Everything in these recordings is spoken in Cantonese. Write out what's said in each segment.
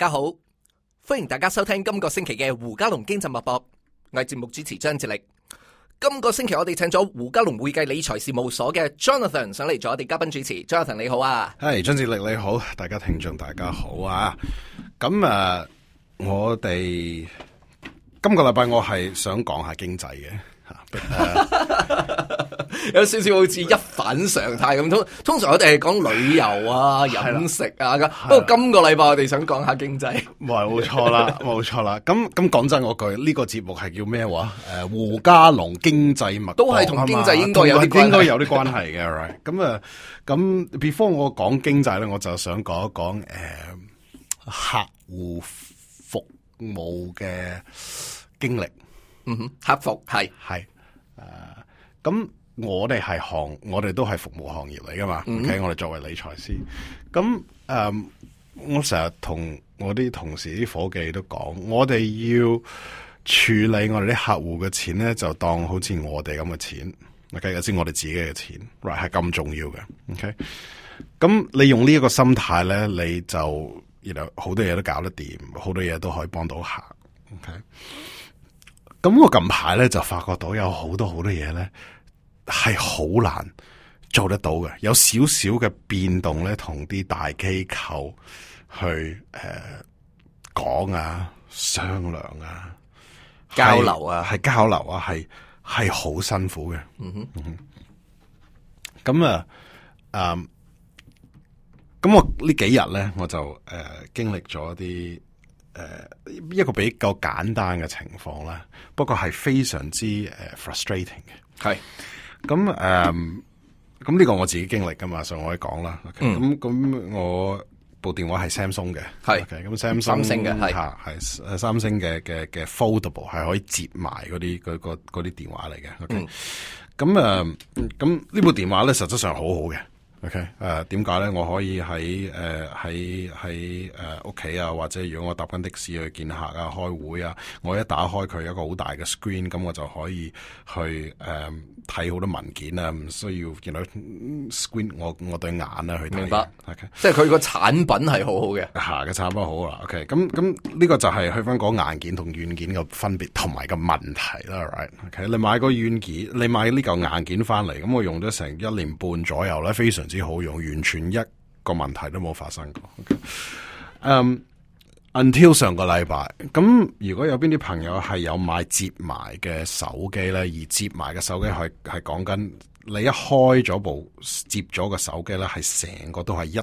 大家好，歡迎大家收聽今個星期嘅胡嘉龍經濟脈搏，我係節目主持張志力。今個星期我哋請咗胡嘉龍會計理財事務所嘅 Jonathan 上嚟做我哋嘉賓主持，Jonathan 你好啊，係張志力你好，大家聽眾大家好啊，咁啊，uh, 我哋今個禮拜我係想講下經濟嘅。Uh, 有少少好似一反常態咁，通通常我哋係講旅遊啊、飲食啊， 的不過今個禮拜我哋想講下經濟，冇錯啦，冇錯 啦。咁咁講真嗰句，呢、這個節目係叫咩話？誒、呃，胡嘉龍經濟脈搏啊嘛，都係同經濟應該有啲關係嘅，咁啊，咁、right? before 我講經濟咧，我就想講一講誒、呃、客戶服務嘅經歷。嗯哼，客服係係誒咁。是我哋係行，我哋都係服務行業嚟噶嘛？OK，我哋作為理財師，咁誒、嗯，我成日同我啲同事、啲伙計都講，我哋要處理我哋啲客戶嘅錢咧，就當好似我哋咁嘅錢，okay? 我計下先，我哋自己嘅錢 right 係咁重要嘅。OK，咁你用呢一個心態咧，你就原來好多嘢都搞得掂，好多嘢都可以幫到客。OK，咁我近排咧就發覺到有好多好多嘢咧。係好難做得到嘅，有少少嘅變動咧，同啲大機構去誒講、呃、啊、商量啊、交流啊，係是交流啊，係係好辛苦嘅。咁、嗯哼嗯、啊，嗯、啊，咁我呢幾日咧，我就誒、呃、經歷咗一啲誒一個比較簡單嘅情況啦，不過係非常之誒 frustrating 嘅，係。咁誒，咁呢、um, 個我自己經歷噶嘛，所以我可以講啦。咁、okay? 咁、嗯、我部電話係 Samsung 嘅，係是，咁、okay? Samsung，係係三星嘅嘅嘅 Foldable 係可以接埋嗰啲嗰個啲電話嚟嘅。咁、okay? 誒、嗯，咁呢、嗯嗯嗯、部電話咧實質上好好嘅。OK，誒點解咧？我可以喺誒喺喺誒屋企啊，或者如果我搭緊的士去見客啊、開會啊，我一打開佢一個好大嘅 screen，咁、嗯、我就可以去誒睇好多文件啊，唔需要見到 you know, screen，我我對眼啊去睇。明白 Okay. 即係佢個產品係好好嘅。嚇、 啊，個產品好啊，OK，咁咁呢個就係去翻講硬件同軟件嘅分別同埋個問題啦，Right？OK，、okay. 你買個軟件，你買呢嚿硬件翻嚟，咁我用咗成一年半左右咧，非常。只好用，完全一個問題都冇發生過。嗯、okay. um,until 上個禮拜，咁如果有邊啲朋友係有買摺埋嘅手機咧，而摺埋嘅手機係係講緊你一開咗部摺咗個手機咧，係成個都係一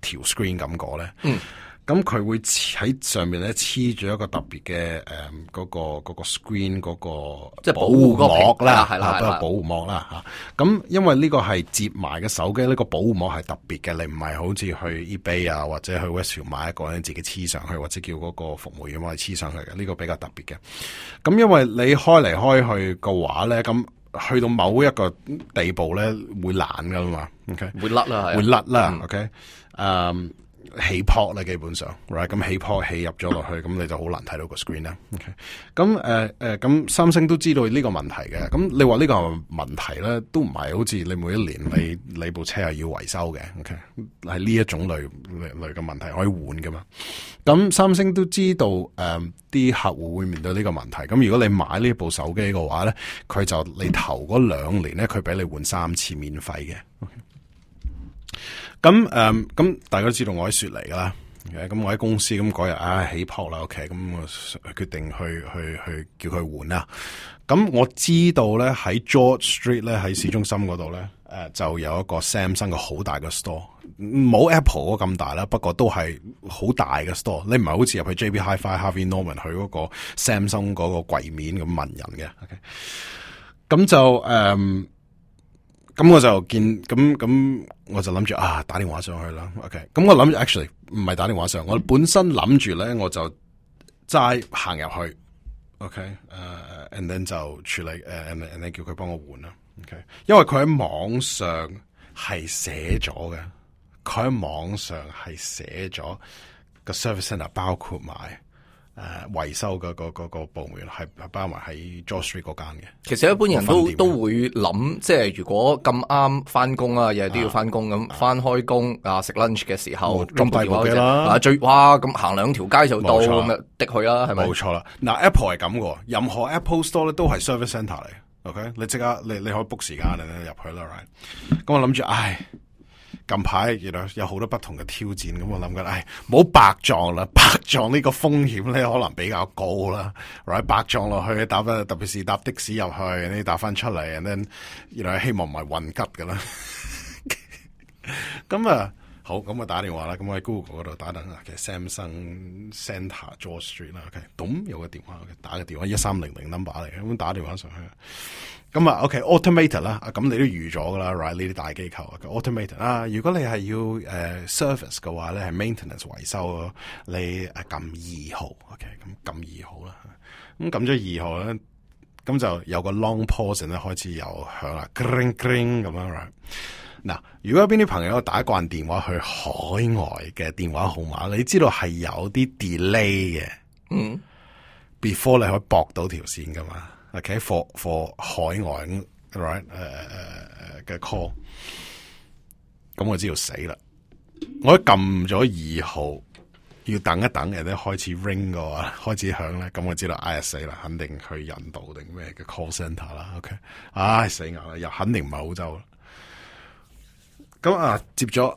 條 screen 感覺咧。嗯咁佢、嗯、會喺上面咧黐住一個特別嘅誒，嗰、嗯那個嗰、那個 screen 嗰個護即係保護膜，啊、膜啦，啊，保護膜啦吓。咁因為呢個係接埋嘅手機，呢、這個保護膜係特別嘅，你唔係好似去 eBay 啊或者去 Westfield 買一個咧自己黐上去，或者叫嗰個服務員幫我黐上去嘅，呢、這個比較特別嘅。咁、嗯、因為你開嚟開去嘅話咧，咁去到某一個地步咧會爛噶嘛，OK？會甩啦，會甩啦、嗯、OK？誒。起泡咧，基本上咁、right? 起泡起入咗落去，咁你就好難睇到個 screen 啦、okay？咁誒誒，咁、呃、三星都知道呢個問題嘅。咁你話呢個問題咧，都唔係好似你每一年你你部車係要維修嘅。OK，係呢一種類類嘅問題可以換噶嘛。咁三星都知道誒，啲、呃、客戶會面對呢個問題。咁如果你買呢部手機嘅話咧，佢就你頭嗰兩年咧，佢俾你換三次免費嘅。Okay? 咁誒，咁、嗯、大家都知道我喺雪梨啦，咁、嗯、我喺公司咁嗰日啊起泡啦，OK，咁我決定去去去，去叫佢換啦。咁我知道咧喺 George Street 咧喺市中心嗰度咧，誒、呃、就有一個 Samsung 嘅好大嘅 store，冇 Apple 咁大啦，不過都係好大嘅 store。你唔係好似入去 JB Hi-Fi Harvey Norman 去嗰個 Samsung 嗰個櫃面咁問人嘅。OK，咁就誒，咁、嗯、我就見咁咁。我就諗住啊，打電話上去啦。OK，咁、嗯、我諗住，actually 唔係打電話上，我本身諗住咧，我就齋行入去。OK，誒、uh，And then 就處理，誒、uh, and，And then 叫佢幫我換啦。OK，因為佢喺網上係寫咗嘅，佢喺網上係寫咗個 service center，包括埋。誒，維、啊、修嘅個個個部門係包埋喺 George Street 嗰間嘅。其實一般人都都會諗，即係如果咁啱翻工啊，日日都要翻工咁，翻開工啊食 lunch 嘅時候，方便啲啦。最開哇咁行兩條街就到咁錯啊，樣的去啦係咪？冇錯啦。嗱 Apple 係咁嘅，任何 Apple Store 咧都係 service center 嚟。OK，你即刻你你可以 book 時間你入去啦。咁我諗住唉。近排原來有好多不同嘅挑戰，咁我諗緊，唉，冇白撞啦，白撞呢個風險咧可能比較高啦，Right? 白撞落去，打返，特別是搭的士入去，你打返出嚟，原來希望唔係運吉嘅啦。咁 啊、嗯，好，咁我打電話啦，咁我喺 Google 嗰度打緊啊，其實 Samsung Centre George Street 啦、嗯、OK 有個電話，打個電話一三零零 number 嚟嘅，咁打電話，打電話上去。咁啊，OK，Automated 啦，咁你都預咗噶啦，Right 呢啲大機構，Automated 啦。如果你係要誒 service 嘅話咧，係 maintenance 維修咯，你誒撳二號，OK，咁撳二號啦。咁撳咗二號咧，咁就有個 long pause 咧，開始又響啦，cling cling 咁樣。嗱，如果有邊啲朋友打慣電話去海外嘅電話號碼，你知道係有啲 delay 嘅，嗯，before 你可以駁到條線噶嘛？我企喺 for for 海外 right? uh, uh, 誒誒嘅 call，咁我知道死啦！我撳咗二號，要等一等，人咧開始 ring 嘅喎，開始響咧，咁我知道 I 死啦，肯定去印度定咩嘅 call center 啦。OK，唉死硬啦，又肯定唔係澳洲。咁啊接咗。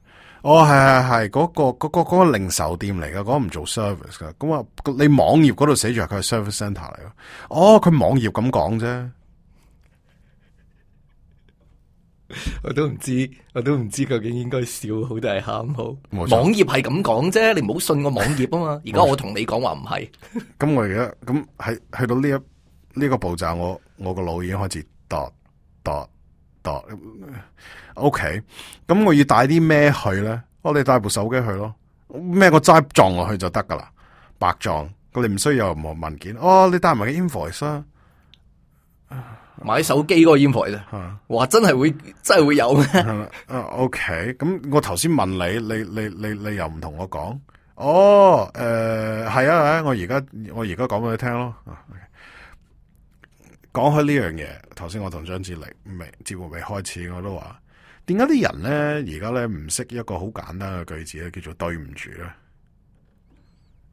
哦，係係係，嗰個嗰個嗰個零售店嚟噶，嗰個唔做 service 噶，咁話你網頁嗰度寫住佢係 service center 嚟咯。哦，佢網頁咁講啫，我都唔知，我都唔知究竟應該笑好定係喊好。冇錯，網頁係咁講啫，你唔好信個網頁啊嘛。而家我同你講話唔係。咁 冇錯 我而家咁喺去到呢一呢個步驟，我我個腦已經開始嗒嗒。OK 咁我要帶啲咩去咧？哦、oh，你帶部手機去咯，咩個齋撞落去就得噶啦，白撞，你唔需要任何文件。哦、oh，你帶埋個 invoice 啊，買手機嗰個 invoice 啫。Uh, 哇，真係會真係會有嘅。OK 咁我頭先問你，你你你你，你又唔同我講？哦，誒，係啊，我而家我而家講俾你聽咯。講開呢樣嘢，頭先我同張智立未節目未開始，我都話點解啲人咧而家咧唔識一個好簡單嘅句子咧，叫做對唔住咧。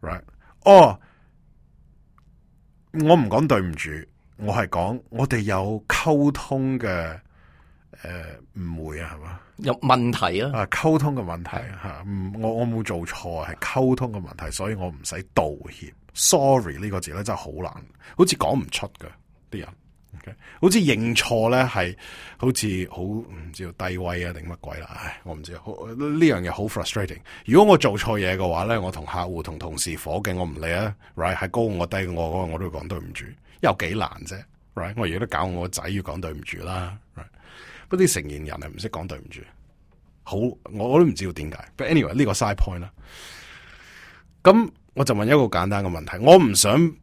Right？哦，我唔講對唔住，我係講我哋有溝通嘅誒誤會啊，係嘛，有問題啊？啊，溝通嘅問題吓，唔我我冇做錯，係溝通嘅問題，所以我唔使道歉。Sorry 呢個字咧真係好難，好似講唔出噶。啲人，okay? 好似認錯咧，係好似好唔知道低位啊定乜鬼啦、啊，我唔知啊。呢樣嘢好 frustrating。如果我做錯嘢嘅話咧，我同客戶、同同事夥計，伙我唔理啊。Right，係高我低我，我都會講對唔住。又幾難啫、啊。Right，我而家都搞我個仔要講對唔住啦。Right，不過啲成年人係唔識講對唔住。好，我都唔知道點解。But anyway，呢個 side point 啦、啊。咁我就問一個簡單嘅問題，我唔想。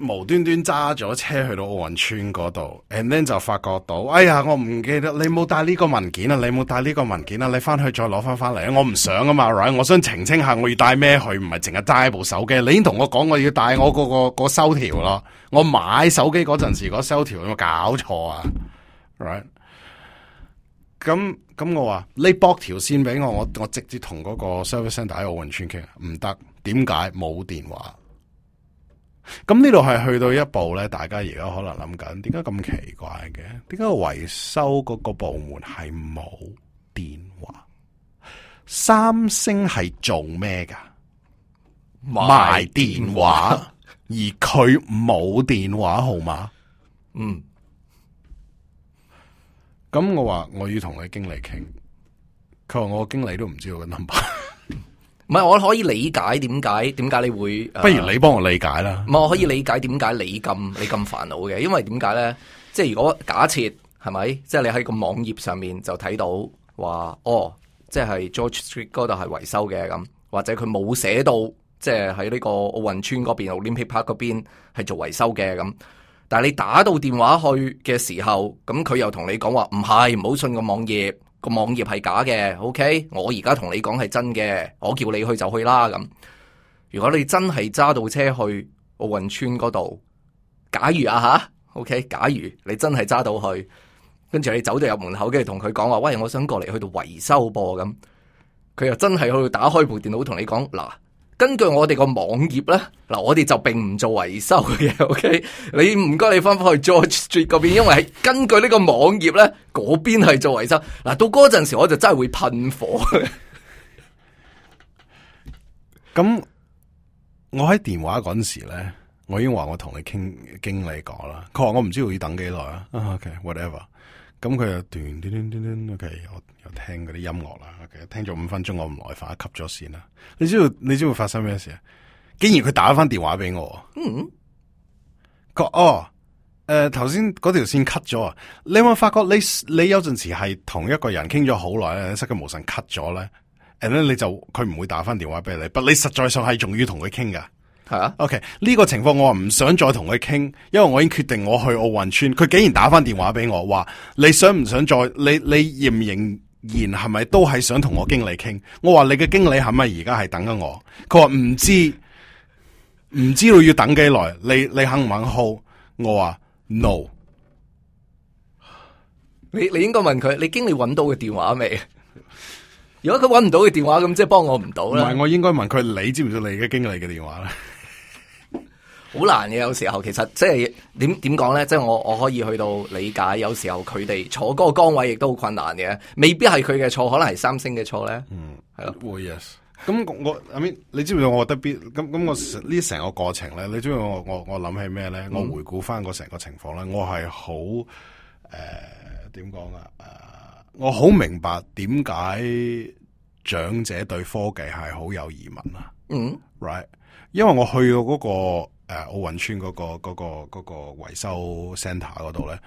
無端端揸咗車去到奧運村嗰度，and then 就發覺到，哎呀，我唔記得你冇帶呢個文件啊，你冇帶呢個文件啊，你翻去再攞翻翻嚟啊，我唔想啊嘛，right？我想澄清下，我要帶咩去，唔係淨係揸部手機。你已經同我講我要帶我嗰個個收條咯，我買手機嗰陣時個收條有冇搞錯啊？right？咁咁我話你駁條線俾我，我我直接同嗰個 service center 喺奧運村傾，唔得，點解冇電話？咁呢度係去到一步咧，大家而家可能諗緊，點解咁奇怪嘅？點解維修嗰個部門係冇電話？三星係做咩噶？電賣電話， 而佢冇電話號碼。嗯，咁我話我要同佢經理傾，佢話我經理都唔知道個 number。唔係我可以理解，點解點解你會，不如你幫我理解啦。唔係我可以理解點解你咁 你咁煩惱嘅，因為點解咧？即係如果假設係咪？即係你喺個網頁上面就睇到話，哦，即係 George Street 嗰度係維修嘅，咁，或者佢冇寫到，即係喺呢個奧運村嗰邊 Olympic Park 嗰邊係做維修嘅咁。但係你打到電話去嘅時候，咁佢又同你講話唔係，唔好信個網頁。個網頁係假嘅，OK，我而家同你講係真嘅，我叫你去就去啦，咁。如果你真係揸到車去奧運村嗰度，假如啊吓，OK，假如你真係揸到去，跟住你走到入門口，跟住同佢講話，喂，我想過嚟去度維修噃，啊。」咁，佢又真係去打開部電腦同你講嗱。根據我哋個網頁咧，嗱我哋就並唔做維修嘅，OK？你唔該你翻返去 George Street 嗰邊，因為係根據呢個網頁咧，嗰邊係做維修。嗱，到嗰陣時我就真係會噴火。咁、嗯、我喺電話嗰陣時咧，我已經話我同你傾經理講啦，佢話我唔知道要等幾耐啊。Oh, OK，whatever okay.。咁佢又斷啲啲啲啲，OK，我又聽嗰啲音樂啦。Okay, 聽咗五分鐘，我唔耐煩，cut 咗線啦。你知道你知道發生咩事啊？竟然佢打返電話俾我。嗯，哦，誒、呃，頭先嗰條線 cut 咗啊！你有冇發覺你你有陣時係同一個人傾咗好耐咧，失驚無神 cut 咗咧，誒咧，你就佢唔會打返電話俾你，但你實在上係仲要同佢傾噶。係啊，OK 呢個情況我話唔想再同佢傾，因為我已經決定我去奧運村。佢竟然打翻電話俾我，話你想唔想再你你仍仍然係咪都係想同我經理傾？我話你嘅經理係咪而家係等緊我？佢話唔知，唔知道要等幾耐？你你肯唔肯 hold？我話 no。你你應該問佢，你經理揾到嘅電話未？ 如果佢揾唔到嘅電話，咁即係幫我唔到啦。唔係我應該問佢，你知唔知你嘅經理嘅電話咧？ 好難嘅，有時候其實即係點點講咧，即係我我可以去到理解，有時候佢哋坐嗰個崗位亦都好困難嘅，未必係佢嘅錯，可能係三星嘅錯咧。嗯，係咯的。yes、嗯。咁我阿邊 I mean,、嗯，你知唔知我得咁咁我，我呢成個過程咧，你知唔知我我我諗起咩咧？我回顧翻嗰成個情況咧、嗯呃呃，我係好誒點講啊？誒，我好明白點解長者對科技係好有疑問啊。嗯，right。因為我去到嗰、那個。誒，奧運村嗰個、嗰個、嗰個維修 centre 嗰度咧，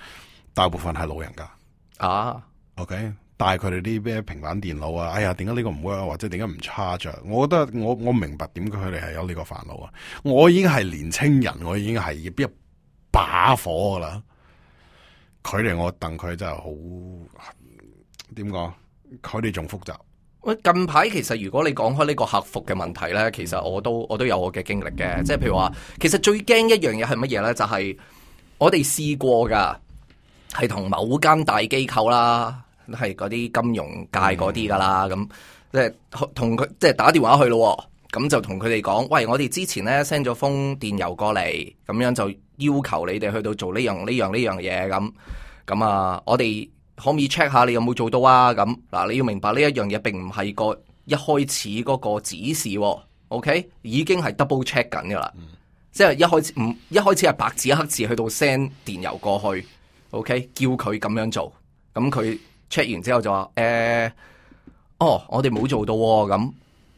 大部分係老人家啊。OK，但係佢哋啲咩平板電腦啊，哎呀，點解呢個唔 work 或者點解唔差着？我覺得我我明白點解佢哋係有呢個煩惱啊。我已經係年青人，我已經係一把火噶啦。佢哋我戥佢真係好，點講？佢哋仲複雜。喂，近排其實如果你講開呢個客服嘅問題呢，其實我都我都有我嘅經歷嘅，即係譬如話，其實最驚一樣嘢係乜嘢呢？就係、是、我哋試過噶，係同某間大機構啦，係嗰啲金融界嗰啲噶啦，咁、嗯嗯、即係同佢即係打電話去咯，咁、嗯、就同佢哋講，喂，我哋之前呢 send 咗封電郵過嚟，咁樣就要求你哋去到做呢樣呢樣呢樣嘢，咁咁啊，我哋。可唔可以 check 下你有冇做到啊？咁嗱，你要明白呢一樣嘢並唔係個一開始嗰個指示、哦、，OK？已經係 double check 緊噶啦，嗯、即係一開唔一開始係白字黑字去到 send 電郵過去，OK？叫佢咁樣做，咁佢 check 完之後就話誒、呃，哦，我哋冇做到咁、哦，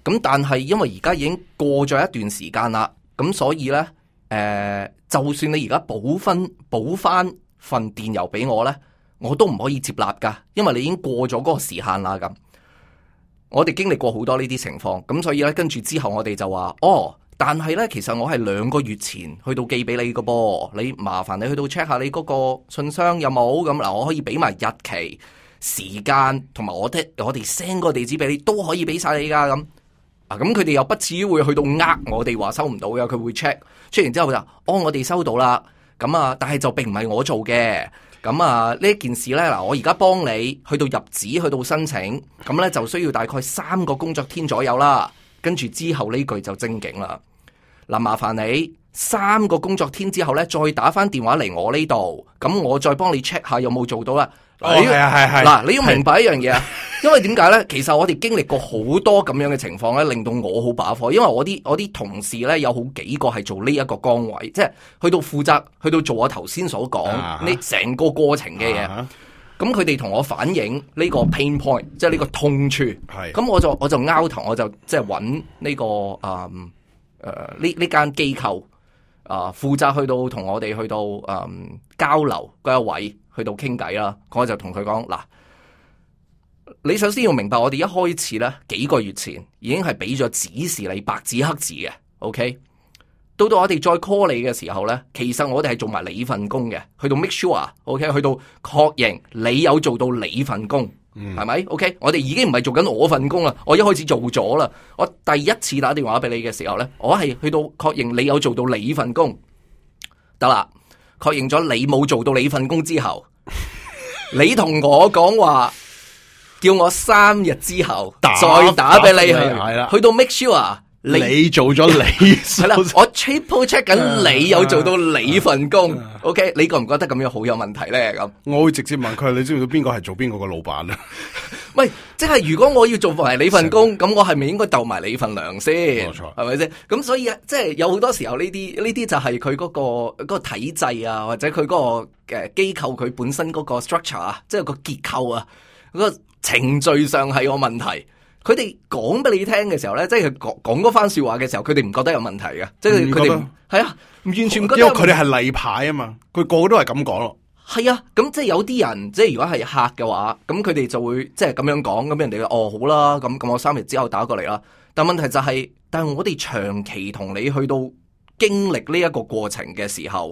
咁但係因為而家已經過咗一段時間啦，咁所以呢，誒、呃，就算你而家補分補翻份電郵俾我呢。我都唔可以接納噶，因為你已經過咗嗰個時限啦。咁，我哋經歷過好多呢啲情況，咁所以呢，跟住之後我哋就話哦，但係呢，其實我係兩個月前去到寄俾你嘅噃，你麻煩你去到 check 下你嗰個信箱有冇？咁嗱，我可以俾埋日期、時間同埋我，我的我哋 send 個地址俾你，都可以俾晒你噶咁。嗱，咁佢哋又不至於會去到呃我哋話收唔到啊，佢會 check check 完之後就哦，我哋收到啦。咁啊，但係就並唔係我做嘅。咁啊，呢件事呢，嗱，我而家幫你去到入紙，去到申請，咁呢，就需要大概三個工作天左右啦。跟住之後呢句就精警啦。嗱、啊，麻煩你三個工作天之後呢，再打翻電話嚟我呢度，咁我再幫你 check 下有冇做到啦。哦，係啊，係係。嗱，你要明白一樣嘢啊，啊。因為點解咧？其實我哋經歷過好多咁樣嘅情況咧，令到我好把火。因為我啲我啲同事咧有好幾個係做呢一個崗位，即係去到負責，去到做我頭先所講呢成個過程嘅嘢。咁佢哋同我反映呢個 pain point，即係呢個痛處。係咁、uh huh.，我就我就拗頭，我就即係搵呢個啊誒呢呢間機構啊負、呃、責去到同我哋去到啊、呃、交流嗰一位去到傾偈啦。我就同佢講嗱。你首先要明白，我哋一開始呢幾個月前已經係俾咗指示你白紙黑字嘅，OK。到到我哋再 call 你嘅時候呢，其實我哋係做埋你份工嘅，去到 make sure，OK，OK，去到確認你有做到你份工，係咪？嗯。OK，我哋已經唔係做緊我份工啦。我一開始做咗啦，我第一次打電話俾你嘅時候呢，我係去到確認你有做到你份工，得啦。確認咗你冇做到你份工之後，你同我講話。 叫我三日之後再打俾你，係啦，去到 make sure 你，你做咗你 我 check p check 緊你有做到你份工 uh, uh, uh, uh,，OK？你覺唔覺得咁樣好有問題咧？咁我會直接問佢，你知唔知邊個係做邊個個老闆啊？喂， 即係如果我要做埋你份工，咁我係咪應該斗埋你份糧先？冇錯，係咪先？咁所以啊，即係有好多時候呢啲呢啲就係佢嗰個嗰個體制啊，或者佢嗰個誒機構佢本身嗰個 structure 啊，即係個結構啊嗰個。程序上係個問題，佢哋講俾你聽嘅時候呢，即係講講嗰番説話嘅時候，佢哋唔覺得有問題嘅，即係佢哋係啊，完全唔覺，因為佢哋係例牌啊嘛，佢個個都係咁講咯。係啊，咁即係有啲人，即係如果係客嘅話，咁佢哋就會即係咁樣講，咁人哋話哦好啦，咁咁我三日之後打過嚟啦。但問題就係，但係我哋長期同你去到經歷呢一個過程嘅時候，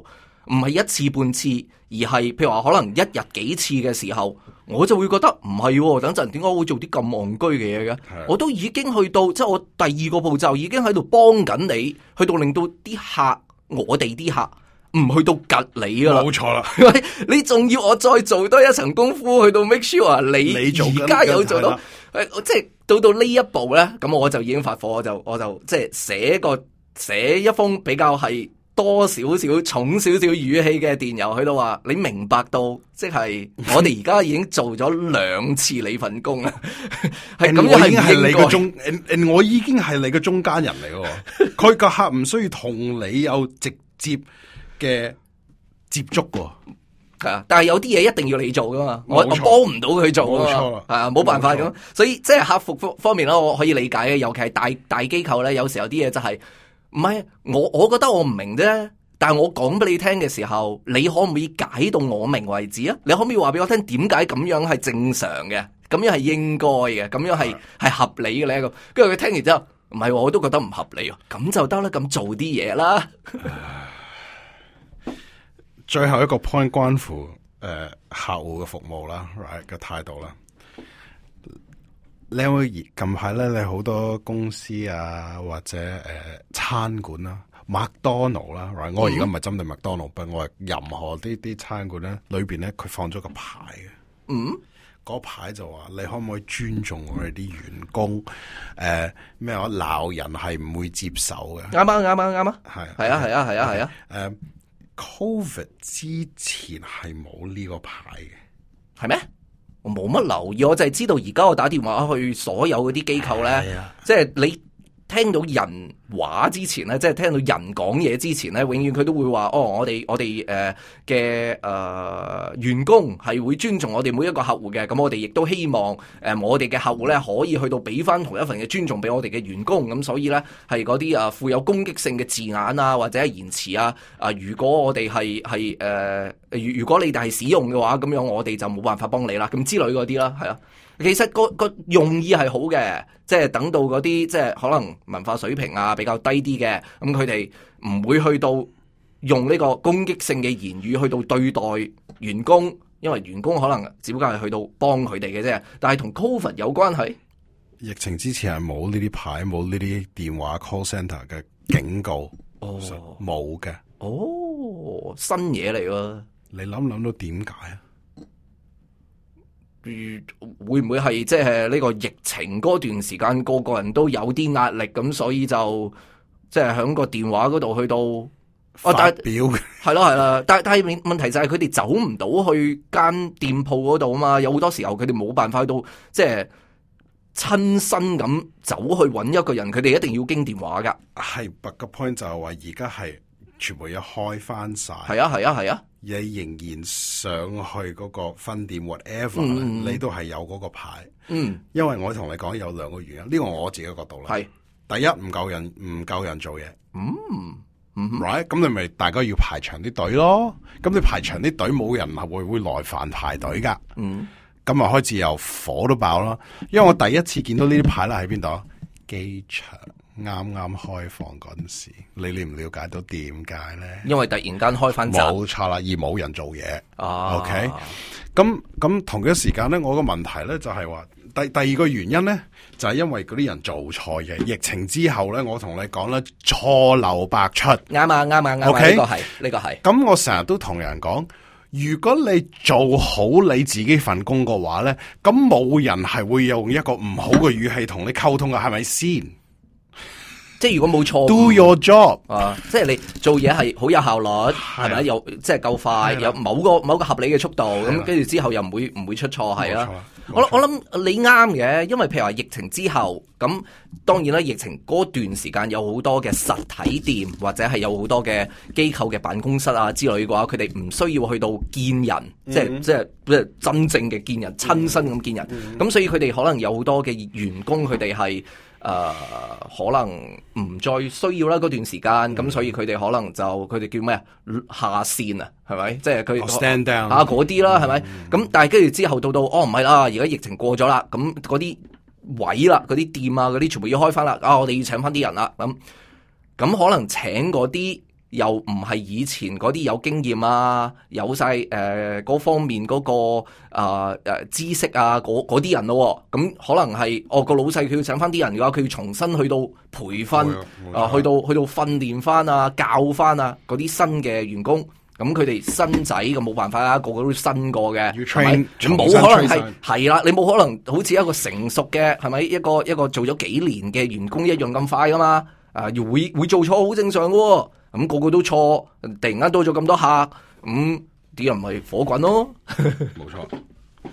唔係一次半次，而係譬如話可能一日幾次嘅時候。我就會覺得唔係喎，等陣點解會做啲咁戇居嘅嘢嘅？是的 我都已經去到，即係我第二個步驟已經喺度幫緊你，去到令到啲客我哋啲客唔去到隔離㗎喇，冇錯啦，你仲要我再做多一層功夫，去到 make sure 你你而家有做到，誒，即係到，的到到呢一步呢。咁我就已經發貨，我就我就即係寫個寫一封比較係。多少少重少少語氣嘅電郵，佢都話你明白到，即係我哋而家已經做咗兩次你份工啊！係咁，已經係你嘅中，我已經係你嘅中間人嚟嘅。佢個 客唔需要同你有直接嘅接觸噶，係啊！但係有啲嘢一定要你做噶嘛，錯我我幫唔到佢做錯啊，係啊，冇辦法咁，錯所以即係客服方方面咧，我可以理解嘅。尤其係大大機構咧，有時候啲嘢就係、是。唔係，我我覺得我唔明啫。但係我講俾你聽嘅時候，你可唔可以解到我明為止啊？你可唔可以話俾我聽點解咁樣係正常嘅？咁樣係應該嘅？咁樣係係 Right. 合理嘅咧？個跟住佢聽完之後，唔係我都覺得唔合理喎。咁就得啦，咁做啲嘢啦。 uh, 最後一個 point 關乎誒客戶嘅服務啦，right 嘅態度啦。你會近排咧，你好多公司啊，或者誒餐館啦、麥當勞啦，right，我而家唔係針對麥當勞，不過我係任何啲啲餐館咧，裏邊咧佢放咗個牌嘅。嗯，嗰牌就話你可唔可以尊重我哋啲員工？誒咩我鬧人係唔會接受嘅。啱啊！啱啊！啱啊！係係啊！係啊！係啊！係啊！誒，COVID 之前係冇呢個牌嘅，係咩？我冇乜留意，我就係知道而家我打電話去所有啲機構咧，啊、即係你聽到人。話之前呢，即係聽到人講嘢之前呢，永遠佢都會話：哦，我哋我哋誒嘅誒員工係會尊重我哋每一個客戶嘅。咁、嗯、我哋亦都希望誒、呃、我哋嘅客戶呢，可以去到俾翻同一份嘅尊重俾我哋嘅員工。咁、嗯、所以呢，係嗰啲啊富有攻擊性嘅字眼啊，或者言辭啊啊！如果我哋係係誒，如果你哋係使用嘅話，咁樣我哋就冇辦法幫你啦。咁、嗯、之類嗰啲啦，係啊。其實個個用意係好嘅，即係等到嗰啲即係可能文化水平啊。比較低啲嘅，咁佢哋唔會去到用呢個攻擊性嘅言語去到對待員工，因為員工可能只不過係去到幫佢哋嘅啫，但係同 COVID 有關係。疫情之前係冇呢啲牌，冇呢啲電話 call center 嘅警告，哦，冇嘅，哦，新嘢嚟喎，你諗諗到點解啊？會唔會係即係呢個疫情嗰段時間，個個人都有啲壓力咁，所以就即係喺個電話嗰度去到發表，係咯係啦，但係 但係問題就係佢哋走唔到去間店鋪嗰度啊嘛，有好多時候佢哋冇辦法到即係親身咁走去揾一個人，佢哋一定要經電話噶係，But the point 就係話而家係。全部要開翻晒，係啊係啊係啊，嘢、啊啊、仍然上去嗰個分店 whatever，呢度係有嗰個牌。嗯，因為我同你講有兩個原因，呢、呢個我自己角度啦。係是第一唔夠人，唔夠人做嘢。嗯 right? 嗯，right，咁你咪大家要排長啲隊咯。咁你排長啲隊，冇人係會會耐煩排隊㗎。嗯，咁啊開始又火都爆啦。因為我第一次見到呢啲牌啦，喺邊度？機場。啱啱開放嗰陣時，你了唔了解到點解呢？因為突然間開翻冇錯啦，而冇人做嘢。啊、OK，咁咁同一時間呢，我個問題呢就係、是、話第第二個原因呢，就係、是、因為嗰啲人做錯嘢。疫情之後呢，我同你講啦，錯漏百出。啱啊，啱啊，啱啊，呢、啊啊、Okay? 個呢、呢個係。咁我成日都同人講，如果你做好你自己份工嘅話呢，咁冇人係會用一個唔好嘅語氣同你溝通嘅，係咪先？即係如果冇錯，do your job 啊！即係你做嘢係好有效率，係咪的？又即係夠快，的有某個某個合理嘅速度，咁跟住之後又唔會唔會出錯係啊的。我我諗你啱嘅，因為譬如話疫情之後。咁當然啦，疫情嗰段時間有好多嘅實體店或者係有好多嘅機構嘅辦公室啊之類嘅話，佢哋唔需要去到見人，mm hmm. 即係即係係真正嘅見人親身咁見人。咁、mm hmm. 所以佢哋可能有好多嘅員工，佢哋係誒可能唔再需要啦嗰段時間。咁、mm hmm. 所以佢哋可能就佢哋叫咩下線啊，係咪？即係佢啊啲啦，係咪、oh, stand down？咁、mm hmm. 但係跟住之後到到哦唔係啦，而家疫情過咗啦，咁啲。位啦，嗰啲店啊，嗰啲全部要開翻啦。啊，我哋要請翻啲人啦。咁、嗯、咁、嗯、可能請嗰啲又唔係以前嗰啲有經驗啊，有晒誒嗰方面嗰、嗰個啊誒、呃、知識啊，嗰啲人咯、哦。咁、嗯、可能係哦，個老細佢要請翻啲人嘅話，佢要重新去到培訓啊，去到去到訓練翻啊，教翻啊嗰啲新嘅員工。咁佢哋新仔，咁冇辦法啦，個個都新過嘅，係咪？冇可能係係新啦，你冇可能好似一個成熟嘅，係咪一個一個做咗幾年嘅員工一樣咁快噶嘛？啊，會會做錯好正常噶、哦，咁個個都錯，突然間多咗咁多客，咁、嗯、啲人咪火滾咯。冇錯，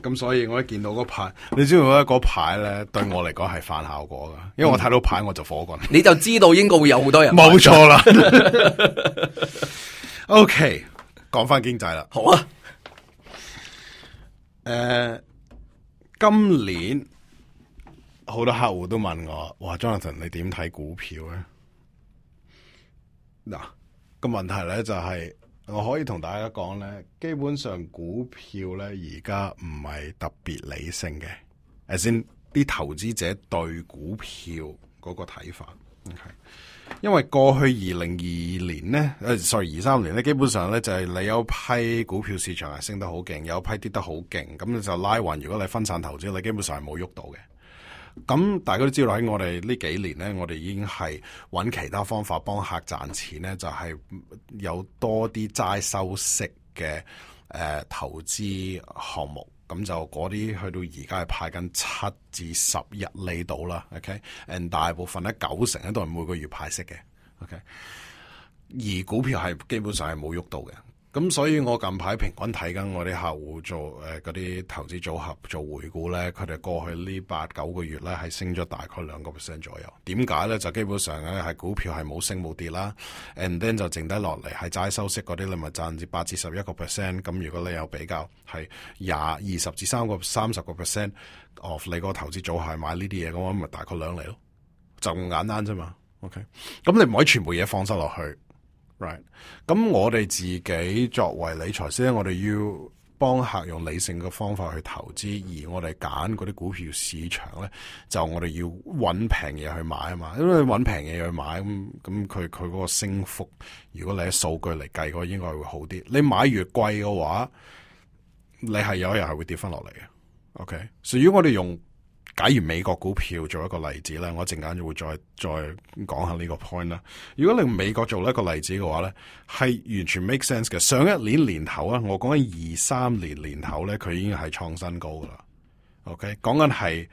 咁所以我一見到嗰牌，你知唔知嗰個牌咧，對我嚟講係反效果噶，因為我睇到牌我就火滾、嗯，你就知道應該會有好多人。冇錯啦。O K。講翻經濟啦，好啊。誒， uh, 今年好多客戶都問我話 Jonathan 你點睇股票咧？嗱、 那個問題咧就係、是，我可以同大家講咧，基本上股票咧而家唔係特別理性嘅。係先，啲投資者對股票嗰個睇法，係、okay。因為過去二零二二年咧，誒，sorry 二三年咧，基本上咧就係你有批股票市場係升得好勁，有批跌得好勁，咁你就拉勻。如果你分散投資，你基本上係冇喐到嘅。咁大家都知道喺我哋呢幾年咧，我哋已經係揾其他方法幫客賺錢咧，就係、是、有多啲齋收息嘅誒、呃、投資項目。咁就嗰啲去到而家係派緊七至十厘利度啦，OK？、誒、大部分咧九成咧都係每個月派息嘅，OK？而股票係基本上係冇喐到嘅。咁所以，我近排平均睇緊我啲客戶做誒嗰啲投資組合做回顧咧，佢哋過去呢八九個月咧係升咗大概兩個 percent 左右。點解咧？就基本上咧係股票係冇升冇跌啦，and then 就剩低落嚟係債收息嗰啲，你咪賺至八至十一個 percent。咁如果你有比較係廿二十至三個三十個 percent of 你個投資組合買呢啲嘢，咁咪大概兩釐咯，就咁簡單啫嘛。OK，咁你唔可以全部嘢放曬落去。咁、right. 我哋自己作為理財師咧，我哋要幫客用理性嘅方法去投資，而我哋揀嗰啲股票市場咧，就我哋要揾平嘢去買啊嘛，因為揾平嘢去買咁，咁佢佢嗰個升幅，如果你喺數據嚟計，嘅應該會好啲。你買越貴嘅話，你係有一日係會跌翻落嚟嘅。OK，so, 所以我哋用。假如美國股票做一個例子咧，我一陣間就會再再講下呢個 point 啦。如果你美國做一個例子嘅話咧，係完全 make sense 嘅。上一年年頭啊，我講緊二三年年頭咧，佢已經係創新高噶啦。OK，講緊係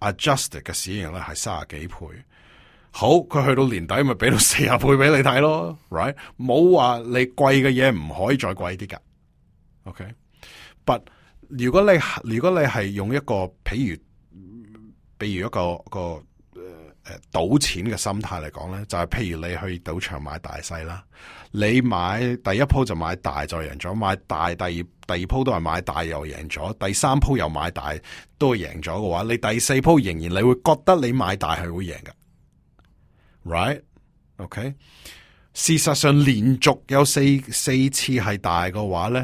adjusted 嘅市盈咧係三十幾倍。好，佢去到年底咪俾到四十倍俾你睇咯。Right，冇話你貴嘅嘢唔可以再貴啲噶。OK，But，如果你如果你係用一個譬如。比如一個一個誒誒賭錢嘅心態嚟講咧，就係、是、譬如你去賭場買大細啦，你買第一鋪就買大就贏咗，買大第二第二鋪都係買大又贏咗，第三鋪又買大都贏咗嘅話，你第四鋪仍然你會覺得你買大係會贏㗎，right？OK，、okay? 事實上連續有四四次係大嘅話咧，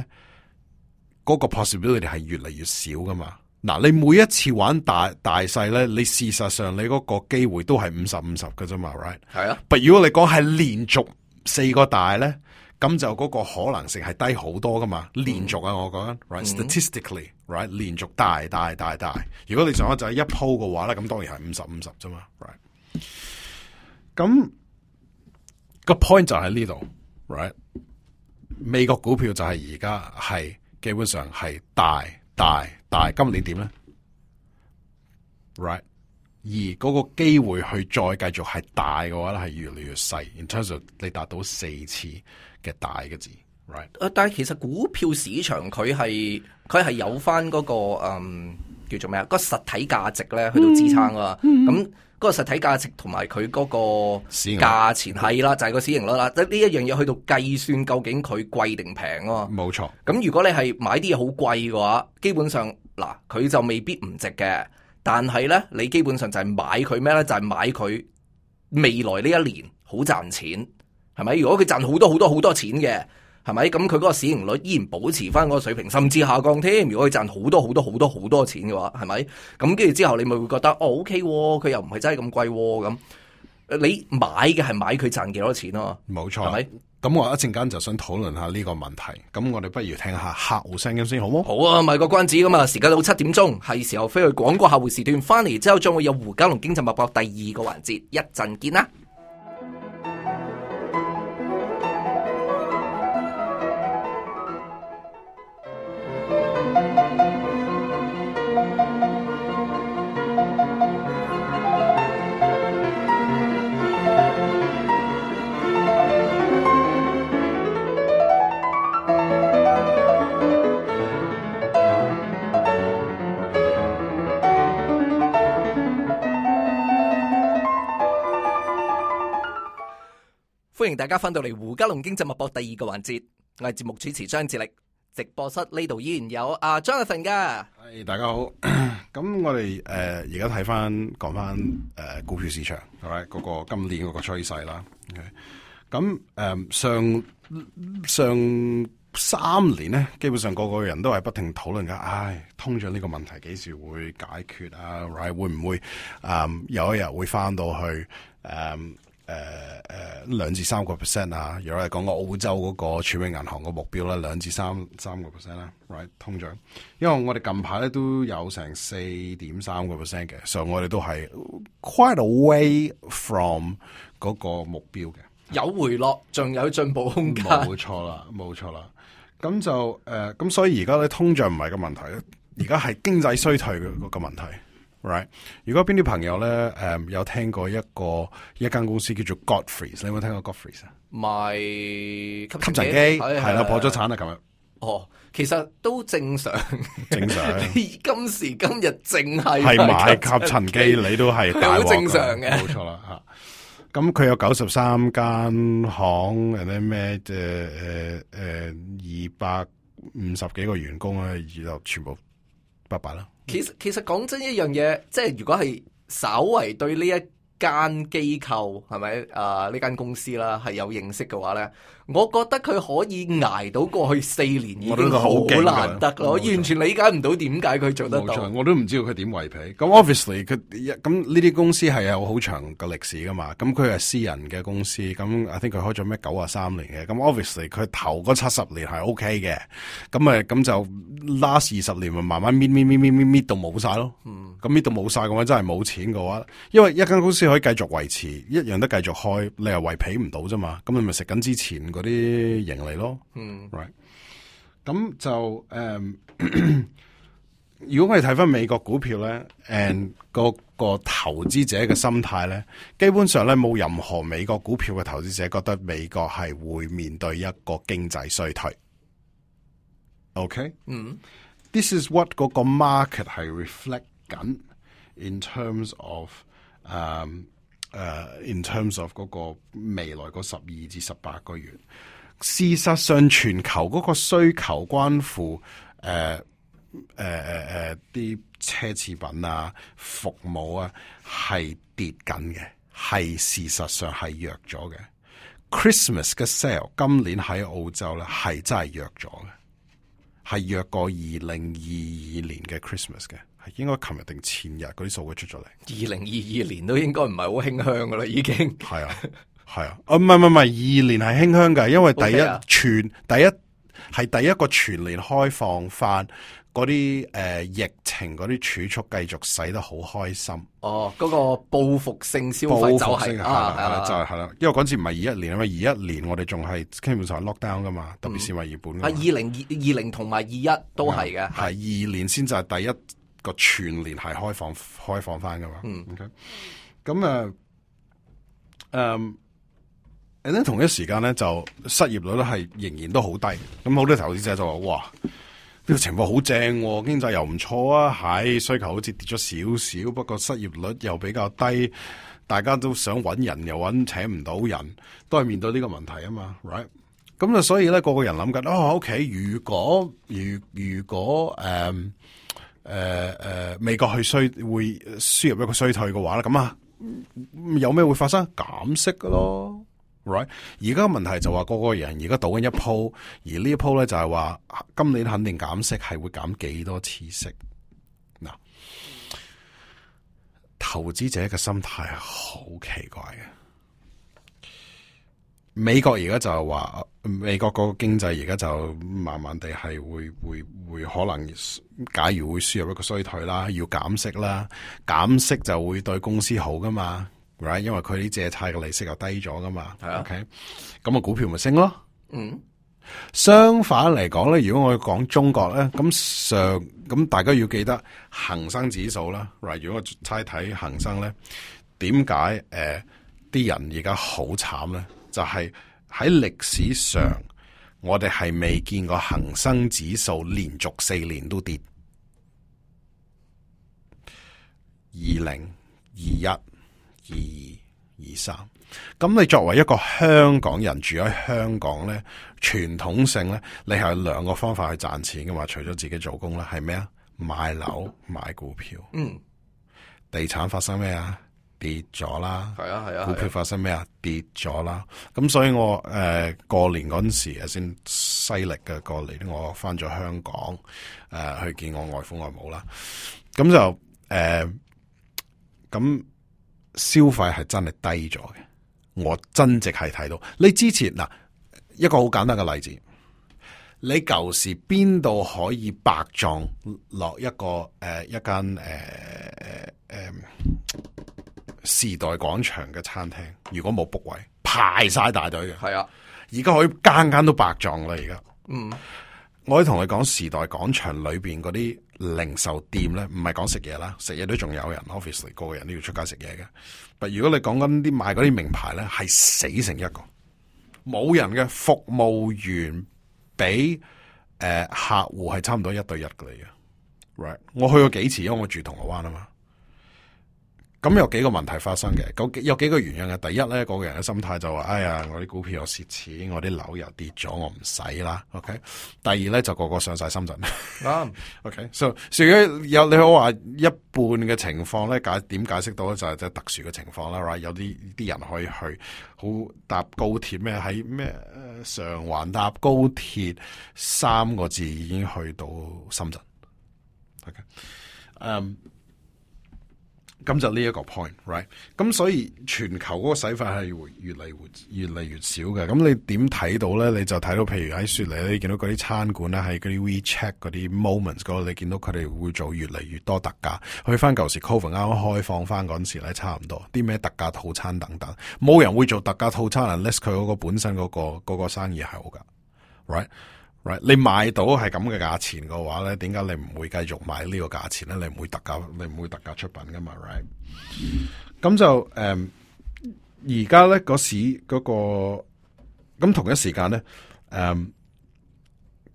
嗰、那個 possibility 係越嚟越少噶嘛。嗱，你每一次玩大大細咧，你事實上你嗰個機會都係五十五十噶啫嘛，right？係啊，但如果你講係連續四個大咧，咁就嗰個可能性係低好多噶嘛。Mm hmm. 連續啊，我講緊，right？statistically，right？連續大大大大，如果你想講就係一鋪嘅話咧，咁當然係五十五十啫嘛，right？咁個 point 就喺呢度，right？美國股票就係而家係基本上係大大。大大今年點咧？Right，而嗰個機會去再繼續係大嘅話咧，係越嚟越細。In terms of 你達到四次嘅大嘅字，Right？但係其實股票市場佢係佢係有翻、那、嗰個嗯。Um 叫做咩啊？個實體價值咧，去到支撐啊！咁、mm hmm. 嗯個實體價值同埋佢嗰個價錢係啦，就係、是、個市盈率啦。得呢一樣嘢去到計算，究竟佢貴定平啊？冇錯。咁如果你係買啲嘢好貴嘅話，基本上嗱，佢就未必唔值嘅。但係咧，你基本上就係買佢咩咧？就係、是、買佢未來呢一年好賺錢，係咪？如果佢賺好多好多好多，多，多錢嘅？係咪咁佢嗰個市盈率依然保持翻嗰個水平，甚至下降添。如果佢賺好多好多好多好多錢嘅話，係咪？咁跟住之後你咪會覺得哦，OK，佢又唔係真係咁貴咁。你買嘅係買佢賺幾多錢咯、啊？冇錯、啊，係咪吧？咁、啊、我一陣間就想討論下呢個問題。咁我哋不如聽下客戶聲音先，好唔好？好啊，賣個關子啊嘛。時間到七點鐘，係時候飛去廣告客戶時段，翻嚟之後將會有胡嘉龍經濟脈搏第二個環節，一陣見啦。大家翻到嚟胡嘉龍經濟脈搏第二個環節，我係節目主持張智力，直播室呢度依然有阿 Jonathan 嘅。係、hey, 大家好，咁 我哋誒而家睇翻講翻誒股票市場，係嗰、right? 個今年嗰個趨勢啦？咁、okay? 誒、呃、上上三年呢，基本上個個人都係不停討論嘅，唉、哎，通脹呢個問題幾時會解決啊 r、right? 會唔會誒、呃、有一日會翻到去誒？呃.誒誒，兩至三個 percent 啊，如果係講個澳洲嗰個儲備銀行個目標咧，兩至三三個 percent 啦，right 通脹，因為我哋近排咧都有成四點三個 percent 嘅，所以我哋都係 quite away from 嗰個目標嘅，有回落仲有進步空間，冇錯啦，冇錯啦，咁就誒，咁、uh, 所以而家咧通脹唔係個問題，而家係經濟衰退嘅、嗰個問題。right 如果邊啲朋友咧，誒有聽過一個一間公司叫做 Godfrey，你有冇聽過 Godfrey 啊？賣吸塵機，係啦，破咗產啦，琴日。哦，其實都正常。正常。今時今日淨係係賣吸塵機，你都係好正常嘅，冇錯啦吓。咁佢有九十三間行，嗰啲咩誒誒誒二百五十幾個員工啊，而就全部拜拜啦。其實其實講真一樣嘢，即係如果係稍為對呢一間機構係咪啊呢間公司啦係有認識嘅話呢。我覺得佢可以捱到過去四年已經好難得我，得我完全理解唔到點解佢做得到。我都唔知道佢點維皮。咁 obviously 佢咁呢啲公司係有好長嘅歷史噶嘛，咁佢係私人嘅公司，咁 I think 佢開咗咩九啊三年嘅，咁 obviously 佢頭嗰七十年係 OK 嘅，咁誒咁就 last 二十年咪慢慢搣搣搣搣搣搣到冇晒咯。咁搣到冇晒嘅話，真係冇錢嘅話，因為一間公司可以繼續維持一樣都繼續開，你又維皮唔到啫嘛，咁你咪食緊之前啲盈利咯，right？咁就誒，如果我哋睇返美國股票咧，誒，嗰個投資者嘅心態咧，基本上咧冇任何美國股票嘅投資者覺得美國係會面對一個經濟衰退。OK，嗯，This is what 嗰個 market 係 reflect 緊，in terms of，嗯、um，誒、uh，in terms of 嗰個未來十二至十八個月，事實上全球嗰個需求關乎誒誒誒誒啲奢侈品啊、服務啊，係跌緊嘅，係事實上係弱咗嘅。Christmas 嘅 sale 今年喺澳洲咧係真係弱咗嘅，係弱過二零二二年嘅 Christmas 嘅。invece 應該琴日定前日嗰啲數據出咗嚟。二零二二年都應該唔係好馨香噶啦，已經。係啊，係啊，啊唔係唔係二年係馨香嘅， 因為第一全第一係第一個全年開放翻嗰啲誒疫情嗰啲儲蓄繼續使得好開心。哦，嗰、嗰個報復性消費就係、係啊、就係係啦，因為嗰次唔係二一年啊嘛，二一年我哋仲係基本上 lock down 噶嘛，特別是話二本。啊、嗯，二零二二零同埋二一都係嘅，係二年先就係第一。個全年係開放開放翻噶嘛？咁啊、嗯，誒、okay?，喺、uh, um, 同一時間咧，就失業率咧係仍然都好低。咁、嗯、好多投資者就話：，哇，呢、這個情況好正、哦，經濟又唔錯啊！喺需求好似跌咗少少，不過失業率又比較低，大家都想搵人又，又搵請唔到人，都係面對呢個問題啊嘛。Right? 咁啊，所以咧，個個人諗緊啊，喺屋企，如果如果誒。Um, 誒誒、呃，美國去衰會輸入一個衰退嘅話咧，咁啊，有咩會發生？減息嘅咯，right？而家問題就話，個個人而家賭緊一鋪，而呢一鋪咧就係話今年肯定減息係會減幾多次息？嗱，投資者嘅心態係好奇怪嘅。美國而家就話，美國嗰個經濟而家就慢慢地係會會會可能，假如會輸入一個衰退啦，要減息啦，減息就會對公司好噶嘛，right？因為佢啲借貸嘅利息又低咗噶嘛，係，OK？咁啊，股票咪升咯。Mm. 相反嚟講咧，如果我講中國咧，咁上咁大家要記得恒生指數啦，right？如果我差睇恒生咧，點解誒啲人而家好慘咧？就係喺歷史上，嗯、我哋係未見過恒生指數連續四年都跌，二零、二一、二二、二三。咁你作為一個香港人住喺香港咧，傳統性咧，你係兩個方法去賺錢嘅話？除咗自己做工啦，係咩啊？買樓、買股票。嗯，地產發生咩啊？跌咗啦，係啊係啊，股票、啊啊、發生咩啊？跌咗啦，咁所以我誒、呃、過年嗰陣時啊先犀利嘅過嚟，我翻咗香港誒、呃、去見我外父外母啦。咁就誒咁、呃、消費係真係低咗嘅，我真正係睇到。你之前嗱一個好簡單嘅例子，你舊時邊度可以白撞落一個誒、呃、一間誒誒。呃呃呃時代廣場嘅餐廳，如果冇 book 位，排晒大隊嘅。係啊，而家可以間間都白撞啦。而家，嗯，我可以同你講，時代廣場裏邊嗰啲零售店咧，唔係講食嘢啦，食嘢都仲有人。office 嚟，個個人都要出街食嘢嘅。但如果你講緊啲賣嗰啲名牌咧，係死成一個，冇人嘅服務員俾誒、呃、客戶係差唔多一對一嚟嘅。right，我去過幾次，因為我住銅鑼灣啊嘛。咁、嗯、有幾個問題發生嘅，有幾個原因嘅。第一呢，個人嘅心態就話，哎呀，我啲股票又蝕錢，我啲樓又跌咗，我唔使啦。OK。第二呢，就個個上晒深圳。啱、嗯、 ，OK。So, 所以有你好話一半嘅情況呢，解點解釋到呢？就係、是、啲特殊嘅情況啦。Right? 有啲啲人可以去，好搭高鐵咩？喺咩上環搭高鐵三個字已經去到深圳。OK、um,。咁 就呢一個 point，right？咁、嗯、所以全球嗰個使費係會越嚟會越嚟越，越少嘅。咁你點睇到咧？你就睇到譬如喺雪梨，你見到嗰啲餐館咧，喺嗰啲 WeChat 嗰啲 moments 嗰度，你見到佢哋會做越嚟越多特價。去翻舊時 COVID 啱啱開放翻嗰陣時咧，差唔多啲咩特價套餐等等，冇人會做特價套餐啊！unless 佢嗰個本身嗰、嗰個嗰個生意係好噶，right？Right. 你買到係咁嘅價錢嘅話咧，點解你唔會繼續買個價呢個價錢咧？你唔會特價，你唔會特價出品噶嘛？咁、right? mm hmm. 就誒，而家咧個市嗰個，咁同一時間咧，誒、嗯，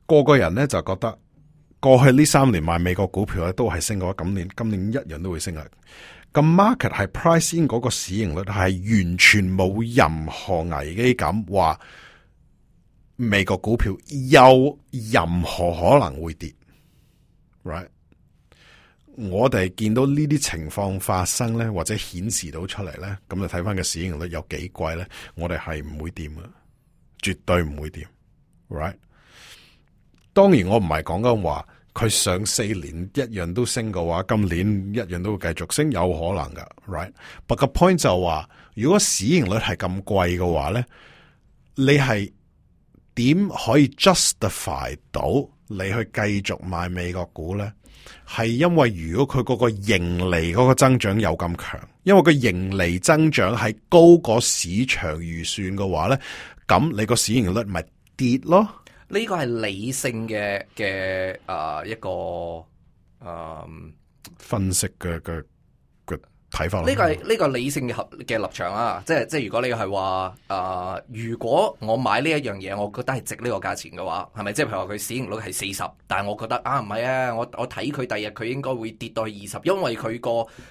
個個人咧就覺得過去呢三年賣美國股票咧都係升嘅，咁年今年一樣都會升嘅。咁 market 係 pricing 嗰個市盈率係完全冇任何危機感，話。美國股票有任何可能會跌，right？我哋見到呢啲情況發生咧，或者顯示到出嚟咧，咁就睇翻個市盈率有幾貴咧，我哋係唔會掂嘅，絕對唔會掂，right？當然我唔係講緊話，佢上四年一樣都升嘅話，今年一樣都會繼續升，有可能噶，right？But 個 point 就話，如果市盈率係咁貴嘅話咧，你係。點可以 justify 到你去繼續買美國股呢？係因為如果佢嗰個盈利嗰個增長有咁強，因為佢盈利增長係高過市場預算嘅話呢，咁你個市盈率咪跌咯？呢個係理性嘅嘅誒一個誒、呃、分析嘅嘅。睇翻，呢個係呢個理性嘅，合嘅立場啊！即係即係如果你係話啊，如果我買呢一樣嘢，我覺得係值呢個價錢嘅話，係咪？即係譬如話佢市盈率係四十，但係我覺得啊，唔係啊，我我睇佢第日佢應該會跌到去二十，因為佢個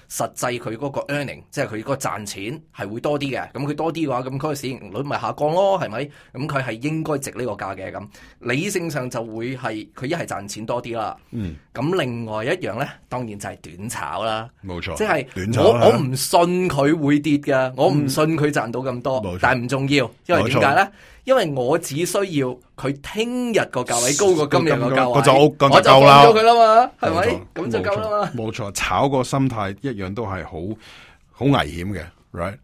實際佢嗰個 earning，即係佢個賺錢係會多啲嘅。咁佢多啲嘅話，咁嗰個市盈率咪下降咯？係咪？咁佢係應該值呢個價嘅咁，理性上就會係佢一係賺錢多啲啦。嗯，咁、嗯、另外一樣呢，當然就係短炒啦。冇錯，即係短炒我唔信佢會跌噶，我唔信佢賺到咁多，嗯，但係唔重要，因為點解咧？冇錯，因為我只需要佢聽日個價位高過今日個價位，就就夠我就我就穩咗佢啦嘛，係咪？咁就夠啦嘛。冇錯，炒個心態一樣都係好好危險嘅。Right，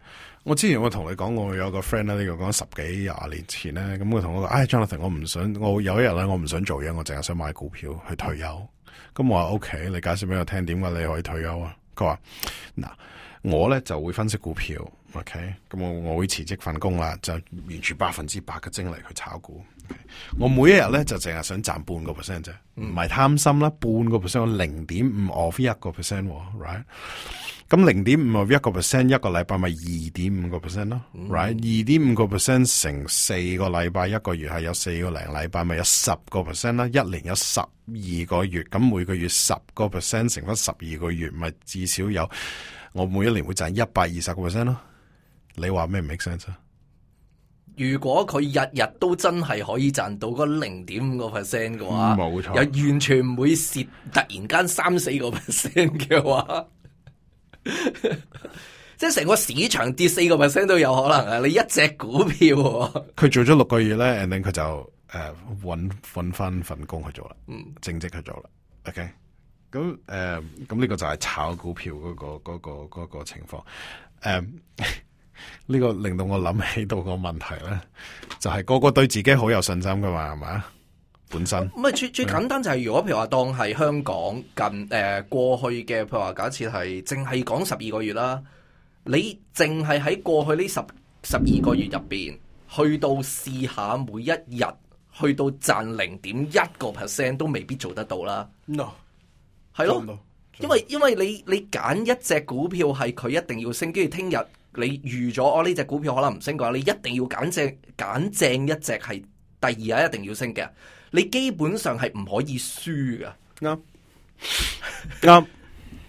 我之前我同你講，我有個 friend 咧，呢個講十幾廿年前咧，咁佢同我講，唉，Jonathan，我唔想我有一日咧，我唔想做嘢，我淨係想買股票去退休。咁我話 OK，你介紹俾我聽點解你可以退休啊？佢話嗱，我咧就會分析股票，OK？咁我我會辭職份工啦，就完全百分之百嘅精力去炒股。Okay. 嗯、我每一日咧、嗯、就淨係想賺半個 percent 啫，唔係貪心啦。半個 percent，有零點五 of 一個 percent，right？咁零點五 of 一個 percent，一個禮拜咪二點五個 percent 咯，right？二點五個 percent 乘四個禮拜，一個月係有四個零禮拜，咪有十個 percent 啦。一年有十二個月，咁每個月十個 percent 乘翻十二個月，咪至少有我每一年會賺一百二十個 percent 咯。你話咩唔 make sense？如果佢日日都真係可以賺到嗰零點五個 percent 嘅話，冇錯錯，又完全唔會蝕，突然間三四個 percent 嘅話，即係成個市場跌四個 percent 都有可能 啊！你一隻股票，佢做咗六個月咧，And then 佢就誒揾揾翻份工去做啦，嗯，正職去做啦，OK，咁誒，咁、uh, 呢個就係炒股票嗰、嗰個、嗰個、嗰個嗰個情況，誒、uh。 呢個令到我諗起到個問題呢，就係個個對自己好有信心噶嘛，係嘛？本身唔係最最簡單就係如果譬如話當係香港近，呃，過去嘅譬如話假設係淨係講十二個月啦，你淨係喺過去呢十十二個月入邊去到試下每一日去到賺零點一個 percent 都未必做得到啦。係咯 No，因為因為你你揀一隻股票係佢一定要升，跟住聽日。你預咗我呢隻股票可能唔升嘅話，你一定要揀正揀正一隻係第二日、啊、一定要升嘅。你基本上係唔可以輸噶，啱啱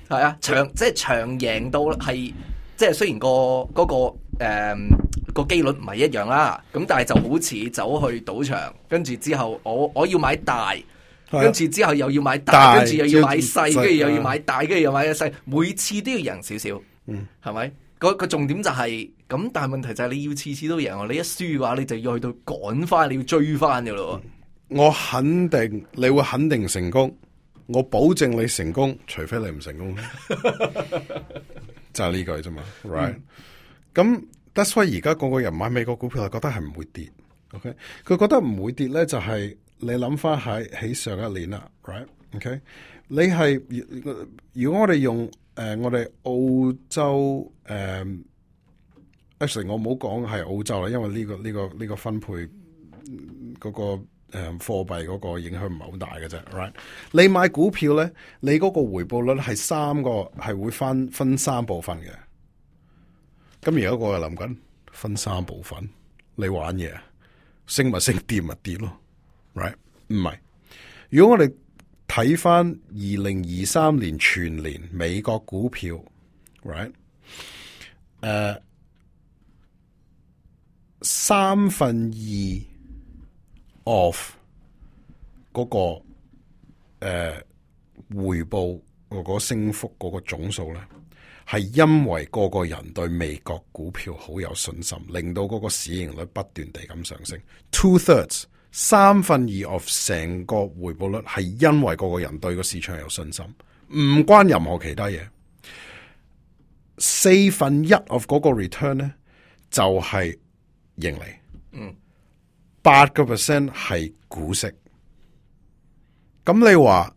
係啊，長即係長贏到係，即係雖然個嗰個誒個機率唔係一樣啦，咁但係就好似走去賭場，跟住之後我我要買大，跟住對之後又要買大，跟住對又要買細，跟住大又要買大，跟住又要買一細、嗯，每次都要贏少，少少，嗯，係咪？個重點就係、是、咁，但係問題就係你要次次都贏我，你一輸嘅話，你就要去到趕翻，你要追翻嘅咯。我肯定你會肯定成功，我保證你成功，除非你唔成功， 就係呢句啫嘛。Right？咁、嗯、that's why 而家個個人買美國股票，係覺得係唔會跌。OK？佢覺得唔會跌咧，就係、是、你諗翻喺喺上一年啦。Right？OK？、Okay? 你係如果我哋用。誒、呃，我哋澳洲誒、呃、，Actually，我唔好講係澳洲啦，因為呢、這個呢、這個呢、這個分配嗰、那個誒貨幣嗰個影響唔係好大嘅啫。Right，你買股票咧，你嗰個回報率係三個係會分分三部分嘅。咁而家我哋諗緊分三部分，你玩嘢，啊、升咪升，跌咪跌咯。Right，唔係，如果我哋。睇翻二零二三年全年美國股票，right？誒三分二 of 嗰、那個、uh, 回報嗰個升幅嗰個總數咧，係因為個個人對美國股票好有信心，令到嗰個市盈率不斷地咁上升。Two thirds。三分二 of 成個回報率係因為個個人對個市場有信心，唔關任何其他嘢。四分一 of 嗰個 return 咧就係盈利，嗯，八個 percent 係股息。咁你話，